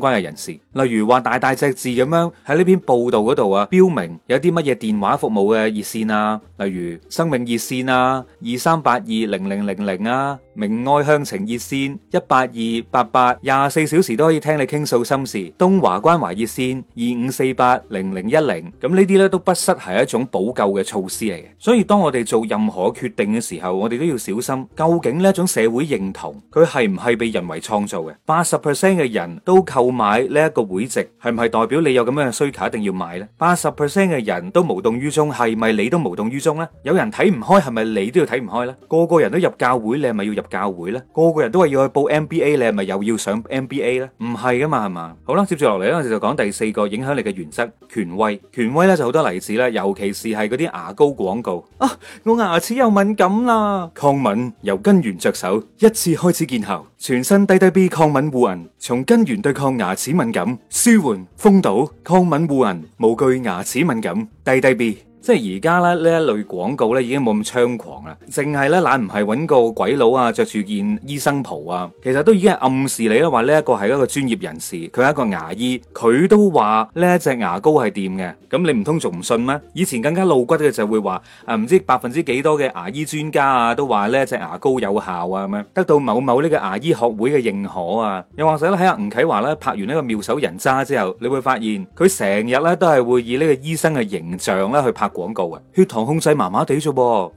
關嘅人士，例如話大大隻字咁樣喺呢篇報道嗰度啊，標明有啲乜嘢電話服務嘅熱線啊，例如生命熱線啊，二三八二零零零零啊。明愛向晴熱線一八二八八廿四小時都可以聽你傾訴心事，東華關懷熱線二五四八零零一零，咁呢啲呢都不失係一種補救嘅措施嚟嘅。所以當我哋做任何決定嘅時候，我哋都要小心，究竟呢一種社會認同佢係唔係被人為創造嘅？八十 percent 嘅人都購買呢一個會籍，係唔係代表你有咁樣嘅需求一定要買呢？八十 percent 嘅人都無動於衷，係咪你都無動於衷呢？有人睇唔開，係咪你都要睇唔開呢？個個人都入教會，你係咪要入？教會咧，個個人都話要去報 MBA，你係咪又要上 MBA 咧？唔係噶嘛，係嘛。好啦，接住落嚟咧，我哋就講第四個影響力嘅原則，權威。權威咧就好多例子啦，尤其是係嗰啲牙膏廣告啊，我牙齒又敏感啦，抗敏由根源着手，一次開始見效，全新 DDB 抗敏護齦，從根源對抗牙齒敏感，舒緩封堵抗敏護齦，無懼牙齒敏感，DDB。即係而家咧，呢一類廣告咧已經冇咁猖狂啦，淨係咧，懶唔係揾個鬼佬啊，着住件醫生袍啊，其實都已經係暗示你啦，話呢一個係一個專業人士，佢係一個牙醫，佢都話呢一隻牙膏係掂嘅，咁你唔通仲唔信咩？以前更加露骨嘅就會話，啊，唔知百分之幾多嘅牙醫專家啊，都話呢一隻牙膏有效啊，咁樣得到某某呢個牙醫學會嘅認可啊，又或者咧，喺阿吳啟華咧拍完呢個妙手人渣之後，你會發現佢成日咧都係會以呢個醫生嘅形象咧去拍。廣告嘅血糖控制麻麻地啫，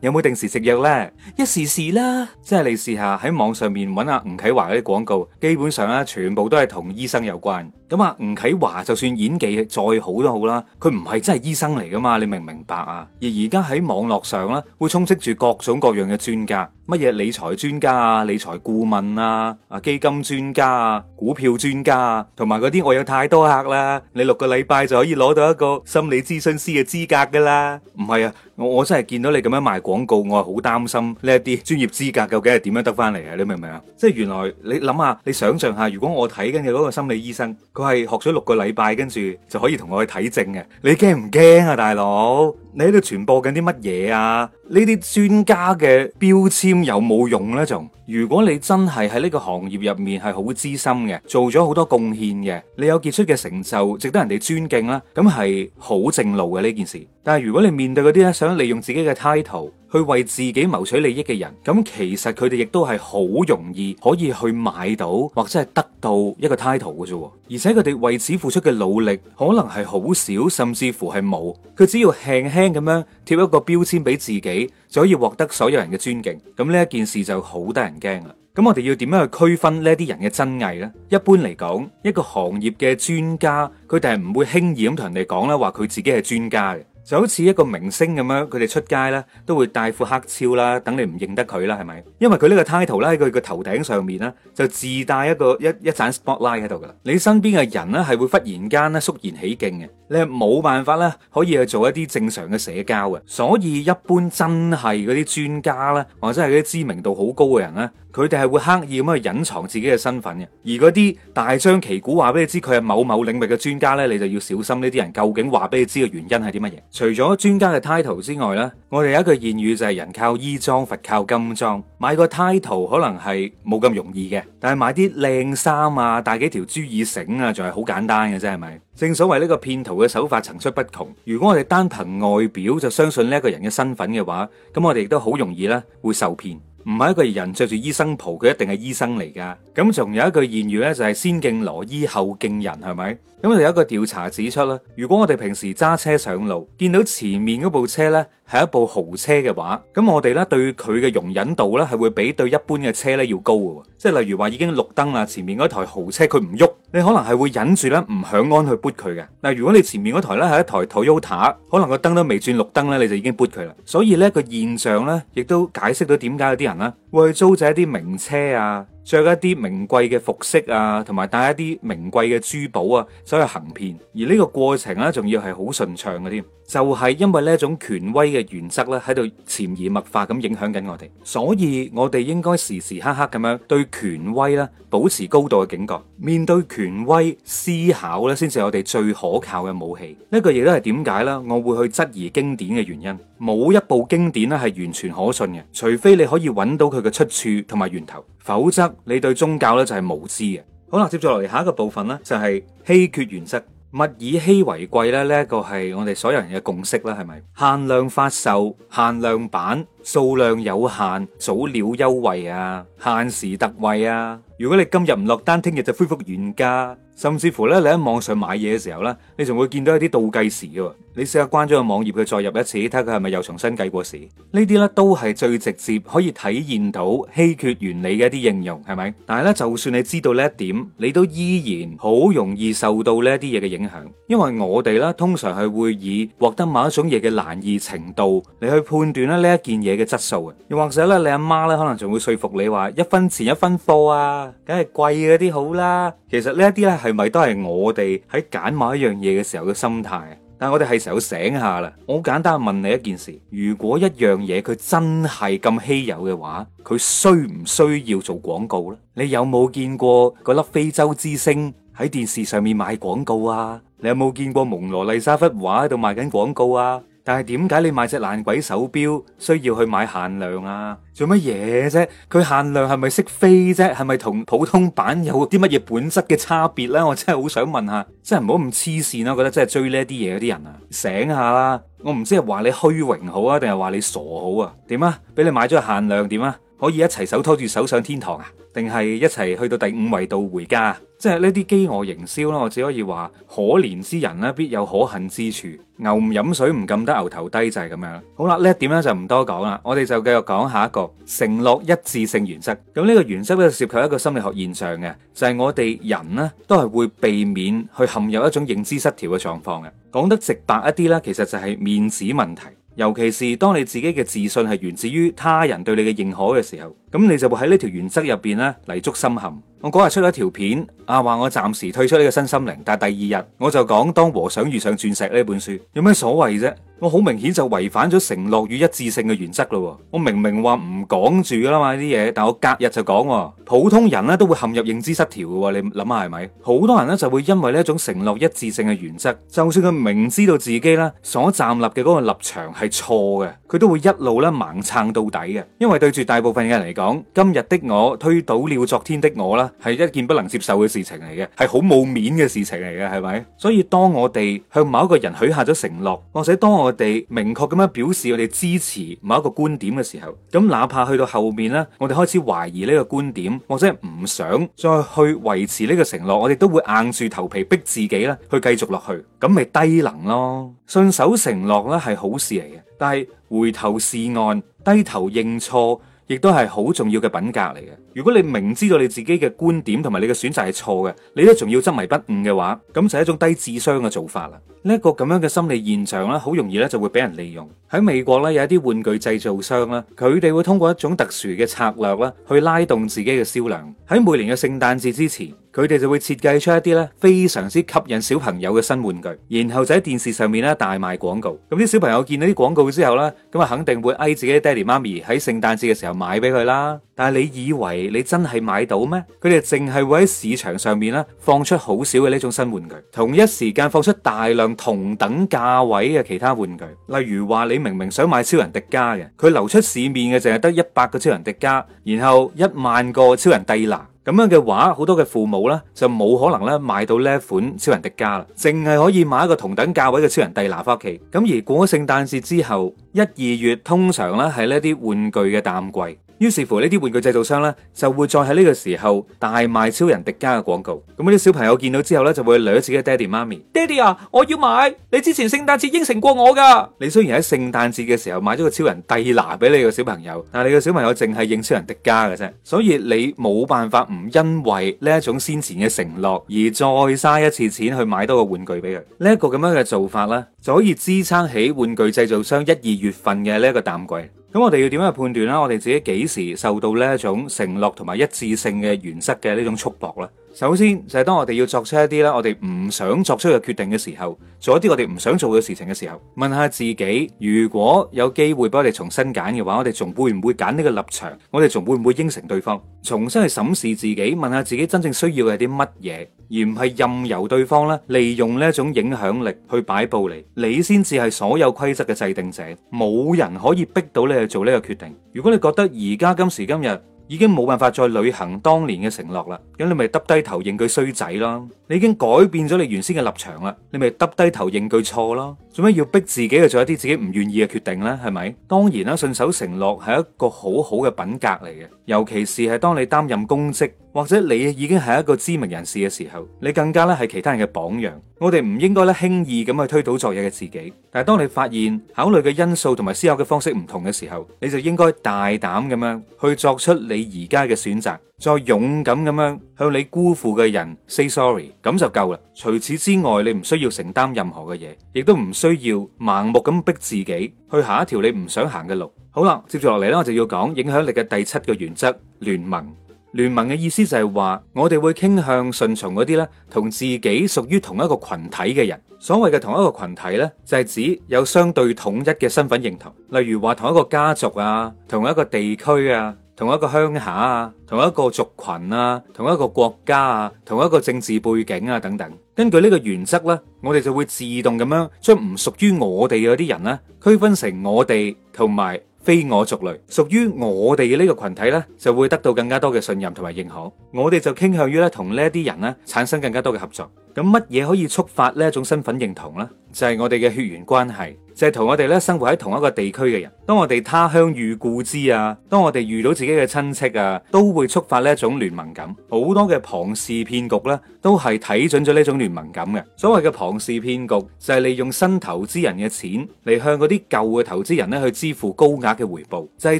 有冇定時食藥呢？一時時啦，即係你試下喺網上面揾下吳啟華嗰啲廣告，基本上咧全部都係同醫生有關。咁啊，吳啟華就算演技再好都好啦，佢唔係真係醫生嚟噶嘛？你明唔明白啊？而而家喺網絡上呢，會充斥住各種各樣嘅專家，乜嘢理財專家啊、理財顧問啊、啊基金專家啊、股票專家啊，同埋嗰啲我有太多客啦，你六個禮拜就可以攞到一個心理諮詢師嘅資格噶啦，唔係啊？我真係見到你咁樣賣廣告，我係好擔心呢一啲專業資格究竟係點樣得翻嚟啊？你明唔明啊？即係原來你諗下，你想象下，如果我睇緊嘅嗰個心理醫生，佢係學咗六個禮拜，跟住就可以同我去睇症嘅，你驚唔驚啊，大佬？你喺度傳播緊啲乜嘢啊？呢啲專家嘅標籤有冇用呢？仲如果你真係喺呢個行業入面係好資深嘅，做咗好多貢獻嘅，你有傑出嘅成就，值得人哋尊敬啦，咁係好正路嘅呢件事。但係如果你面對嗰啲咧，想利用自己嘅 title 去為自己謀取利益嘅人，咁其實佢哋亦都係好容易可以去買到或者係得到一個 title 嘅啫，而且佢哋為此付出嘅努力可能係好少，甚至乎係冇。佢只要輕輕咁樣貼一個標籤俾自己，就可以獲得所有人嘅尊敬。咁呢一件事就好得人驚啦。咁我哋要點樣去區分呢啲人嘅真偽呢？一般嚟講，一個行業嘅專家，佢哋係唔會輕易咁同人哋講咧，話佢自己係專家嘅。就好似一個明星咁樣，佢哋出街咧都會戴副黑超啦，等你唔認得佢啦，係咪？因為佢呢個 title 咧喺佢個頭頂上面啦，就自帶一個一一盞 spotlight 喺度噶啦。你身邊嘅人咧係會忽然間咧肅然起敬嘅。你係冇辦法咧，可以去做一啲正常嘅社交嘅，所以一般真係嗰啲專家咧，或者係啲知名度好高嘅人咧，佢哋係會刻意咁去隱藏自己嘅身份嘅，而嗰啲大張旗鼓話俾你知佢係某某領域嘅專家咧，你就要小心呢啲人究竟話俾你知嘅原因係啲乜嘢。除咗專家嘅 title 之外咧。我哋有一句諺語就係人靠衣裝，佛靠金裝，買個 title 可能係冇咁容易嘅，但係買啲靚衫啊，戴幾條珠耳繩啊，仲係好簡單嘅啫，係咪？正所謂呢個騙徒嘅手法層出不窮，如果我哋單憑外表就相信呢一個人嘅身份嘅話，咁我哋亦都好容易啦會受騙。唔係一個人着住醫生袍，佢一定係醫生嚟噶。咁仲有一句諺語咧，就係先敬羅衣後敬人，係咪？咁我哋有一個調查指出啦，如果我哋平時揸車上路，見到前面嗰部車咧。係一部豪車嘅話，咁我哋咧對佢嘅容忍度咧係會比對一般嘅車咧要高嘅，即係例如話已經綠燈啦，前面嗰台豪車佢唔喐，你可能係會忍住咧唔響安去 boot 佢嘅。嗱，如果你前面嗰台咧係一台 Toyota，可能個燈都未轉綠燈呢，你就已經 boot 佢啦。所以呢個現象呢，亦都解釋到點解有啲人咧會去租借一啲名車啊。着一啲名貴嘅服飾啊，同埋戴一啲名貴嘅珠寶啊，走去行騙。而呢個過程呢，仲要係好順暢嘅添，就係因為呢一種權威嘅原則咧，喺度潛移默化咁影響緊我哋。所以我哋應該時時刻刻咁樣對權威咧保持高度嘅警覺，面對權威思考咧，先至係我哋最可靠嘅武器。呢個亦都係點解啦，我會去質疑經典嘅原因。冇一部經典咧係完全可信嘅，除非你可以揾到佢嘅出處同埋源頭，否則。你對宗教咧就係無知嘅，好啦，接住落嚟下一個部分咧就係、是、稀缺原則，物以稀為貴咧呢一個係我哋所有人嘅共識啦，係咪？限量發售、限量版、數量有限、早鳥優惠啊、限時特惠啊，如果你今日唔落單，聽日就恢復原價。甚至乎咧，你喺網上買嘢嘅時候呢，你仲會見到一啲倒計時嘅喎。你試下關咗個網頁佢再入一次，睇下佢係咪又重新計過時。呢啲呢都係最直接可以體現到稀缺原理嘅一啲應用，係咪？但係呢，就算你知道呢一點，你都依然好容易受到呢一啲嘢嘅影響，因為我哋咧通常係會以獲得某一種嘢嘅難易程度嚟去判斷咧呢一件嘢嘅質素嘅。又或者呢，你阿媽呢，可能仲會説服你話一分錢一分貨啊，梗係貴嗰啲好啦。其實呢一啲呢。係咪都係我哋喺揀買一樣嘢嘅時候嘅心態？但係我哋係時候醒下啦。我好簡單問你一件事：如果一樣嘢佢真係咁稀有嘅話，佢需唔需要做廣告咧？你有冇見過嗰粒非洲之星喺電視上面賣廣告啊？你有冇見過蒙羅麗莎幅畫喺度賣緊廣告啊？但係點解你買隻爛鬼手錶需要去買限量啊？做乜嘢啫？佢限量係咪識飛啫？係咪同普通版有啲乜嘢本質嘅差別呢、啊？我真係好想問下，真係唔好咁黐線啦！我覺得真係追呢啲嘢嗰啲人啊，醒下啦！我唔知係話你虛榮好啊，定係話你傻好啊？點啊？俾你買咗個限量點啊？可以一齊手拖住手上天堂啊？定係一齊去到第五維度回家？即係呢啲饑餓營銷啦，我只可以話可憐之人呢必有可恨之處。牛唔飲水，唔撳得牛頭低就係咁樣。好啦，呢一點咧就唔多講啦，我哋就繼續講下一個承諾一致性原則。咁呢個原則咧涉及一個心理學現象嘅，就係我哋人呢都係會避免去陷入一種認知失調嘅狀況嘅。講得直白一啲咧，其實就係面子問題，尤其是當你自己嘅自信係源自於他人對你嘅認可嘅時候。咁你就會喺呢條原則入邊呢泥足深陷。我嗰日出咗條片啊，話我暫時退出呢個新心靈，但係第二日我就講當和尚遇上鑽石呢本書有咩所謂啫？我好明顯就違反咗承諾與一致性嘅原則咯。我明明話唔講住噶嘛呢啲嘢，但我隔日就講，普通人呢都會陷入認知失調嘅。你諗下係咪？好多人呢就會因為呢一種承諾一致性嘅原則，就算佢明知道自己呢所站立嘅嗰個立場係錯嘅，佢都會一路咧盲撐到底嘅。因為對住大部分嘅人嚟講，講今日的我推倒了昨天的我啦，係一件不能接受嘅事情嚟嘅，係好冇面嘅事情嚟嘅，係咪？所以當我哋向某一個人許下咗承諾，或者當我哋明確咁樣表示我哋支持某一個觀點嘅時候，咁哪怕去到後面咧，我哋開始懷疑呢個觀點，或者唔想再去維持呢個承諾，我哋都會硬住頭皮逼自己咧去繼續落去，咁咪低能咯？信守承諾咧係好事嚟嘅，但係回頭是岸，低頭認錯。亦都係好重要嘅品格嚟嘅。如果你明知道你自己嘅觀點同埋你嘅選擇係錯嘅，你都仲要執迷不悟嘅話，咁就係一種低智商嘅做法啦。呢、這、一個咁樣嘅心理現象啦，好容易咧就會俾人利用。喺美國咧有一啲玩具製造商啦，佢哋會通過一種特殊嘅策略啦，去拉動自己嘅銷量。喺每年嘅聖誕節之前，佢哋就會設計出一啲咧非常之吸引小朋友嘅新玩具，然後就喺電視上面咧大賣廣告。咁啲小朋友見到啲廣告之後咧，咁啊肯定會嗌自己爹哋媽咪喺聖誕節嘅時候買俾佢啦。但係你以為你真係買到咩？佢哋淨係會喺市場上面咧放出好少嘅呢種新玩具，同一時間放出大量同等價位嘅其他玩具。例如話，你明明想買超人迪迦嘅，佢流出市面嘅淨係得一百個超人迪迦，然後一萬個超人蒂娜。咁樣嘅話，好多嘅父母呢就冇可能咧買到呢一款超人迪迦啦，淨係可以買一個同等價位嘅超人蒂拿翻屋企。咁而過咗聖誕節之後，一二月通常咧係呢啲玩具嘅淡季。於是乎，呢啲玩具製造商呢，就會再喺呢個時候大賣超人迪迦嘅廣告。咁嗰啲小朋友見到之後呢，就會掠自己爹哋媽咪：爹哋啊，我要買！你之前聖誕節應承過我噶。你雖然喺聖誕節嘅時候買咗個超人蒂拿俾你個小朋友，但係你個小朋友淨係認超人迪迦嘅啫。所以你冇辦法唔因為呢一種先前嘅承諾而再嘥一次錢去買多個玩具俾佢。呢一個咁樣嘅做法呢，就可以支撐起玩具製造商一二月份嘅呢一個淡季。咁我哋要點樣去判斷呢？我哋自己幾時受到呢一種承諾同埋一致性嘅原則嘅呢種束縛呢？首先就係、是、當我哋要作出一啲咧，我哋唔想作出嘅決定嘅時候，做一啲我哋唔想做嘅事情嘅時候，問下自己，如果有機會俾我哋重新揀嘅話，我哋仲會唔會揀呢個立場？我哋仲會唔會應承對方？重新去審視自己，問下自己真正需要嘅係啲乜嘢？而唔係任由對方咧利用呢一種影響力去擺佈你，你先至係所有規則嘅制定者，冇人可以逼到你去做呢個決定。如果你覺得而家今時今日已經冇辦法再履行當年嘅承諾啦，咁你咪耷低頭認句衰仔咯。你已經改變咗你原先嘅立場啦，你咪耷低頭認句錯咯。做咩要逼自己去做一啲自己唔願意嘅決定呢？係咪？當然啦，信守承諾係一個好好嘅品格嚟嘅，尤其是係當你擔任公職。或者你已經係一個知名人士嘅時候，你更加咧係其他人嘅榜樣。我哋唔應該咧輕易咁去推倒昨日嘅自己。但係當你發現考慮嘅因素同埋思考嘅方式唔同嘅時候，你就應該大膽咁樣去作出你而家嘅選擇，再勇敢咁樣向你辜負嘅人 say sorry，咁就夠啦。除此之外，你唔需要承擔任何嘅嘢，亦都唔需要盲目咁逼自己去下一條你唔想行嘅路。好啦，接住落嚟咧，我就要講影響力嘅第七個原則：聯盟。聯盟嘅意思就係話，我哋會傾向順從嗰啲咧，同自己屬於同一個群體嘅人。所謂嘅同一個群體呢，就係指有相對統一嘅身份認同，例如話同一個家族啊，同一個地區啊，同一個鄉下啊，同一個族群啊，同一個國家啊，同一個政治背景啊等等。根據呢個原則呢，我哋就會自動咁樣將唔屬於我哋嗰啲人呢，區分成我哋同埋。非我族類，屬於我哋嘅呢個群體呢，就會得到更加多嘅信任同埋認可。我哋就傾向於咧同呢啲人呢產生更加多嘅合作。咁乜嘢可以觸發呢種身份認同呢？就係我哋嘅血緣關係。就係同我哋咧生活喺同一個地區嘅人，當我哋他鄉遇故知啊，當我哋遇到自己嘅親戚啊，都會觸發呢一種聯盟感。好多嘅龐氏騙局咧，都係睇準咗呢種聯盟感嘅。所謂嘅龐氏騙局就係利用新投資人嘅錢嚟向嗰啲舊嘅投資人咧去支付高額嘅回報，製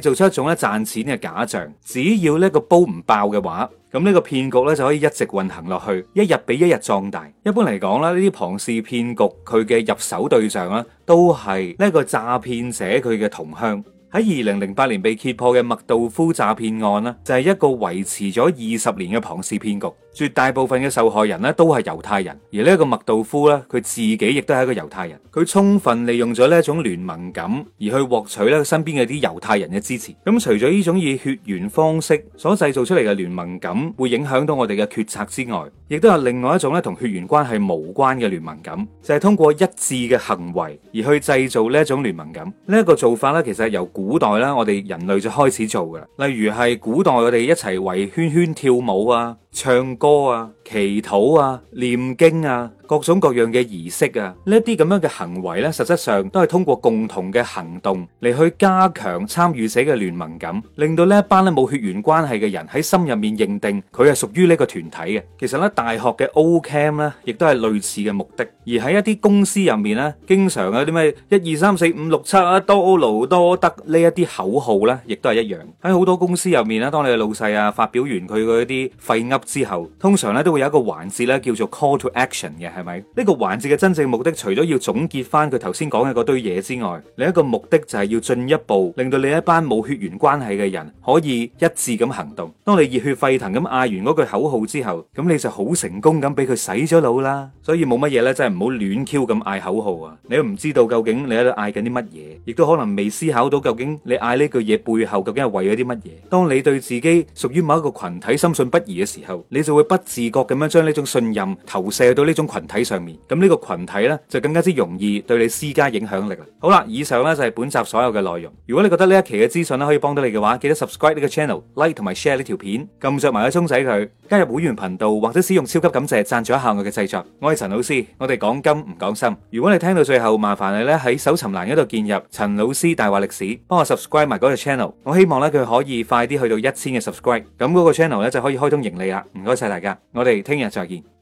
造出一種咧賺錢嘅假象。只要呢個煲唔爆嘅話，咁呢個騙局咧就可以一直運行落去，一日比一日壯大。一般嚟講啦，呢啲龐氏騙局佢嘅入手對象啦，都係呢一個詐騙者佢嘅同鄉。喺二零零八年被揭破嘅麥道夫詐騙案啦，就係、是、一個維持咗二十年嘅龐氏騙局。絕大部分嘅受害人呢都係猶太人，而呢一個麥道夫呢，佢自己亦都係一個猶太人。佢充分利用咗呢一種聯盟感，而去獲取咧身邊嘅啲猶太人嘅支持。咁、嗯、除咗呢種以血緣方式所製造出嚟嘅聯盟感，會影響到我哋嘅決策之外，亦都有另外一種咧同血緣關係無關嘅聯盟感，就係、是、通過一致嘅行為而去製造呢一種聯盟感。呢、這、一個做法咧，其實係由古代咧，我哋人類就開始做噶啦。例如係古代我哋一齊圍圈圈跳舞啊。唱歌啊、祈禱啊、唸經啊、各種各樣嘅儀式啊，呢一啲咁樣嘅行為咧，實質上都係通過共同嘅行動嚟去加強參與者嘅聯盟感，令到呢一班咧冇血緣關係嘅人喺心入面認定佢係屬於呢個團體嘅。其實咧，大學嘅 Ocamp 咧，亦都係類似嘅目的。而喺一啲公司入面咧，經常有啲咩一二三四五六七啊，多勞多得呢一啲口號咧，亦都係一樣。喺好多公司入面咧，當你嘅老細啊發表完佢嘅一啲廢噏之後，通常咧都，會有一個環節咧，叫做 call to action 嘅，係咪？呢個環節嘅真正目的，除咗要總結翻佢頭先講嘅嗰堆嘢之外，另一個目的就係要進一步令到你一班冇血緣關係嘅人可以一致咁行動。當你熱血沸騰咁嗌完嗰句口號之後，咁你就好成功咁俾佢洗咗腦啦。所以冇乜嘢咧，真係唔好亂 Q 咁嗌口號啊！你都唔知道究竟你喺度嗌緊啲乜嘢，亦都可能未思考到究竟你嗌呢句嘢背後究竟係為咗啲乜嘢。當你對自己屬於某一個群體深信不疑嘅時候，你就會不自覺。咁樣將呢種信任投射到呢種群體上面，咁呢個群體咧就更加之容易對你施加影響力啦。好啦，以上咧就係本集所有嘅內容。如果你覺得呢一期嘅資訊咧可以幫到你嘅話，記得 subscribe 呢個 channel、like 同埋 share 呢條片，撳著埋個鐘仔佢，加入會員頻道或者使用超級感謝，贊助一下我嘅製作。我係陳老師，我哋講金唔講心。如果你聽到最後，麻煩你咧喺搜尋欄嗰度建入陳老師大話歷史，幫我 subscribe 埋嗰個 channel。我希望咧佢可以快啲去到一千嘅 subscribe，咁嗰個 channel 咧就可以開通盈利啦。唔該晒，大家，我哋。我哋聽日再見。